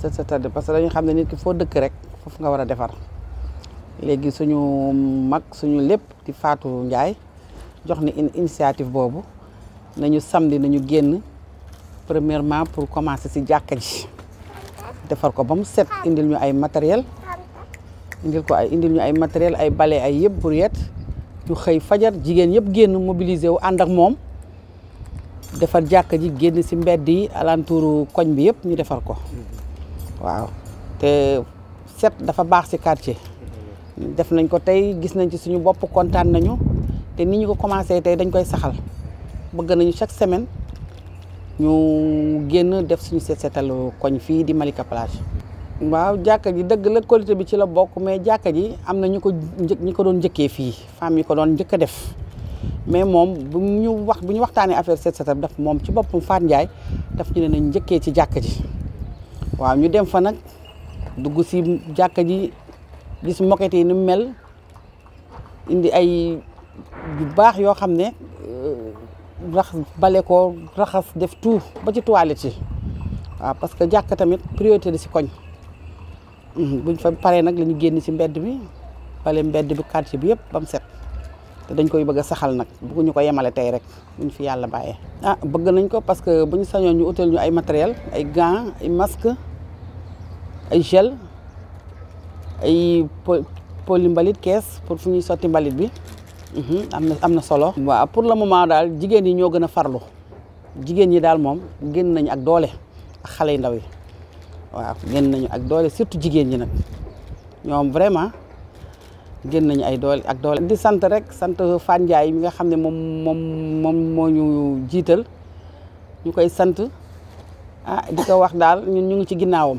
set setal parce que dañu xam ne nit ki foo dëkk rek fofu nga wara défar légui suñu mag suñu lepp di Faatu ndjay jox ni une initiative bobu nañu samedi nañu génn premièrement pour commencer ci jàkka ji defar ko bam set indil ñu ay matériel indil ko ay indil ñu ay matériel ay bale ay pour yett ñu xey fajar jigen yëpp génn mobiliser wu and ak mom défar jàkka ji génn ci mbedd yi alentouru koñ bi yëpp ñu défar ko waaw te set dafa baax ci quartier def nañ ko tey gis nañ ci suñu bopp kontaan nañu te ni ñu ko commencé tey dañ koy saxal bëgg nañu chaque semaine ñu génn def suñu set setalu koñ fii di Malika Plage waaw jàkka ji dëgg la qualité bi ci la bokk mais jàkka ji am na ñu ko ñi ko doon njëkkee fii femme yi ko doon njëkk a def mais moom bu ñu wax bu ñu waxtaanee affaire set setal moom ci boppam Faat Ndiaye daf ñu ne nañ njëkkee ci jàkka ji waaw ñu dem fa nag dugg si jàkka ji gis moquette yi ni mel indi ay yu baax yoo xam ne euh, rax bale ko raxas def tout ba ci toilette yi waaw parce que jàkka tamit priorité la si koñ buñ fa paree nag la génn si mbedd bi bale mbedd bi quartier bi yëpp ba set te dañ koy bëgg a saxal nag bëgguñu ko yemale tey rek buñ fi yàlla bàyyee. ah bëgg nañ ko parce que bu ñu sañoon ñu utal ñu ay matériel ay gants ay masques. ay gel ay poli mbalit kees pour fu ñuy sotti mbalit bi mhm, am na am na solo. waa pour la moment daal jigéen yi ñoo gën a farlu jigéen ñi daal moom génn nañu ak doole ak xale yu ndaw yi waaw génn nañu ak doole surtout jigéen ñi nag ñoom vraiment génn nañu ay doole ak doole. di sant rek sant Fane Ndiaye mi nga xam ne moom moom moom moo ñu jiital ñu koy sant ah di ko wax daal ñun ñu ngi ci ginnaawam.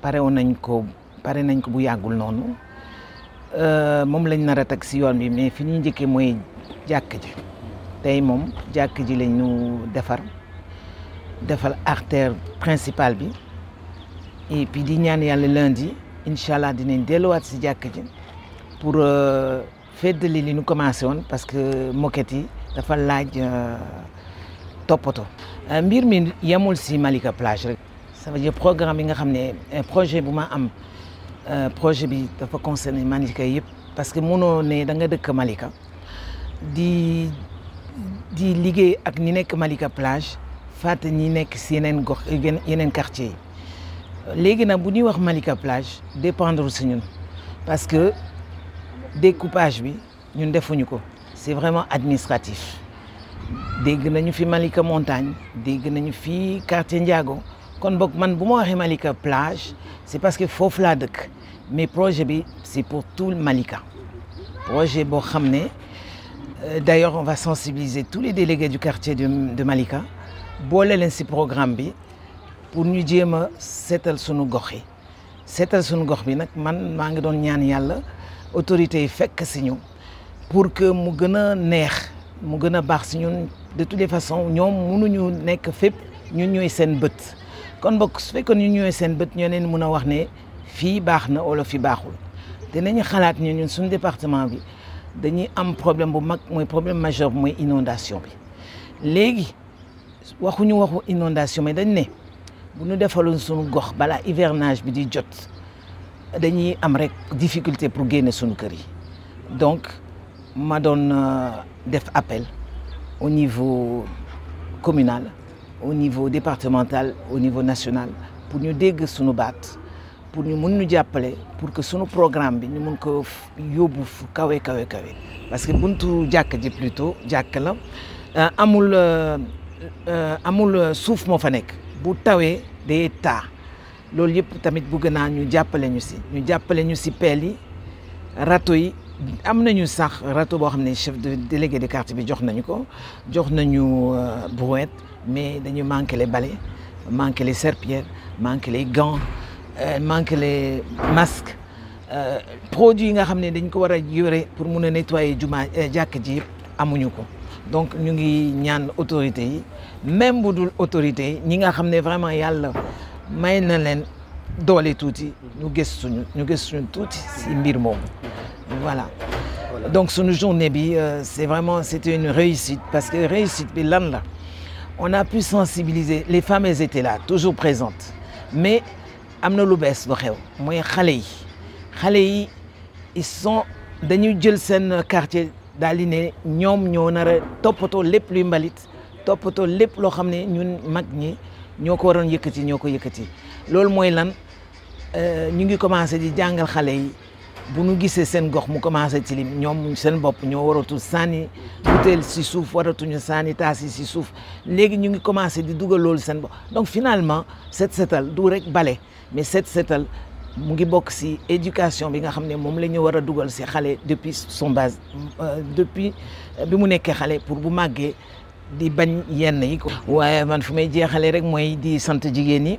pare nañ ko pare nañ ko bu yàggul noonu euh, moom lañ nar a teg si yoon bi mais fi ñuy njëkkee mooy jàkk ji tey moom jàkk ji lañ ñu defar defal artère principal bi et di ñaan yàlla lundi incha allah dinañ delluwaat si jàkk ji pour euh, feddali li ñu commencé woon parce que moquette yi dafa laaj euh, toppatoo. mbir mi yemul si Malika Plage ça veut dire programme nga xamné un euh, projet bu ma am euh, projet bi dafa concerner Malika yëpp parce que munoo ne da nga dëkk Malika di di liggéey ak ni nek Malika plage fàtte ni nek yenen yeneen gox quartier légui n'a bu ñuy wax Malika plage dépendre si ñun parce que découpage bi ñun defuñu ko c'est vraiment administratif dégg nañu fi Malika montagne dégg nañu fi quartier Ndiago kon boog man bu ma Malika plage c'est parce que faut laa mes projets. bi c'est pour tout Malika projet boo xam euh, d'ailleurs on va sensibiliser tous les délégués du quartier de Malika boole leen ci programme bi pour ñu dire a seetal sunu gox yi seetal sunu gox bi nag man mangi don doon ñaan yàlla autorités yi fekk ci ñu pour que mu gën a neex mu gën a ci ñun de toutes les façons ñoom mënuñu nekk fépp ñun ñooy seen bët kon mbokk su fekkoon ñu ñëwee seen bët ñoo leen mun a wax ne fii baax na wala fi baaxul dinañu xalaat ñu ñun suñu département bi dañuy am problème bu mag mooy problème majeur mooy inondation bi léegi waxuñu waxu inondation mais dañ ne bu ñu defaloon sunu gox bala hivernage bi di jot dañuy am rek difficulté pour génne sunu kër yi donc ma doon euh, def appel au niveau communal au niveau départemental au niveau national pour ñu dégg sunu baat pour nous mun ñu pour que sunu programme bi nous mun ko yóbbu fu kawe kawe kawe parce que pour jàkk ji plutôt jàkk la euh, amul euh, euh, amul souffre mon fa nekk bu États day pour loolu yëpp tamit bëgg nous ñu jàppale ñu si ñu jàppale ñu si pelli yi râteau yi am nañu sax râteau boo xam chef de délégué de quartier bi jox nañu ko jox nañu euh, mais dañu manqué les balais manqué les serpillères manqué les gants euh, manque les masques euh, produits yi nga xam ne dañ ko war a pour mun a nettoyer juma jàkk ji yëpp amuñu ko donc ñu ngi ñaan autorités même bu autorité autorités ñi nga xam vraiment yàlla may na leen doole tuuti ñu gëstuñu ñu gëstuñu tuuti si mbir voilà donc ce jour bi euh, c'est vraiment c'était une réussite parce que réussite on a pu sensibiliser les femmes étaient là toujours présentes mais am lu bees lu xew ils sont dañuy jël quartier d'Aliné, sont ils ñoo plus a toppatoo les luy mbalit ñun mag euh, commencé bunu nu sen gox mu commencé ci lim ñom sen bop ñoo waratu sani butéel ci suuf waratuñu ñu sani yi ci suuf légui ñu ngi commencé di duggal loolu sen bop donc finalement cette setal du rek balé mais cette setal mu ngi bok ci éducation bi nga xamné mom la ñu wara duggal ci xalé depuis son base euh, depuis bi mu nekkee xalé pour bu maggé di bañ yenn yi ko waaye man fumay jéxalé rek moy di sant jigéen ñi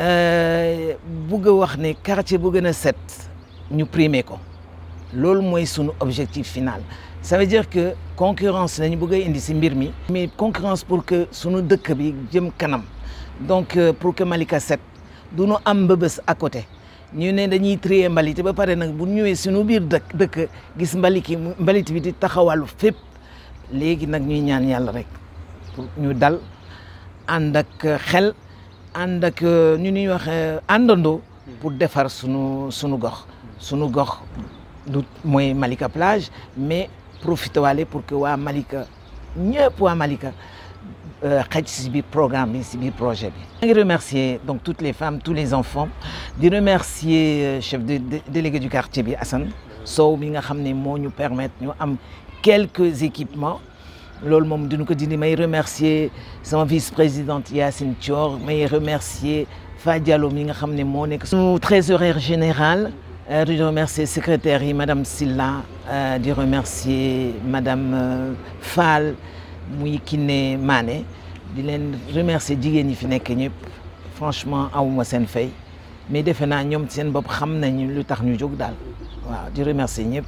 Euh, bugg a wax ni quartier bu gëna set ñu primer ko lool moy suñu objectif final ça veut dire que concurrence nañu bëgg indi ci mbir mi mais concurrence pour que suñu dëkk bi jëm kanam donc euh, pour que Malika set du nu am mbëbës à côté ñu né dañuy trier mbalit ba paré nak bu ñëwee suñu biir dëkk dëkk gis mbaliki mbalité bi di taxawalu fépp légui nak ñuy ñaan yalla rek pour ñu dal and ak xel ànd ñu euh, ñuy waxee àndandoo pour défaire son sunu gox sunu gox du Malika plage mais profitez-en pour que Malika mieux pour Malika euh, xaj si biir programme bi projet bi maa remercier donc toutes les femmes tous les enfants euh, de remercier chef de délégué du quartier bi Assane nous mi nga xam nous am quelques équipements lol mom duñu ko dindi may remercier sama vice-présidente Yassine Thior may remercier Fadialo mi nga xamné mo nek nekk trésorier général générale euh, di remercier secrétaire madame Silla euh, di remercier madame euh, Fall muy Kiné Mané di len remercier jigéen yi fi nek ñep franchement awuma seen fay mais defe ñom ñoom seen bopp xam nañu lu tax ñu jóg dal waaw di remercier ñep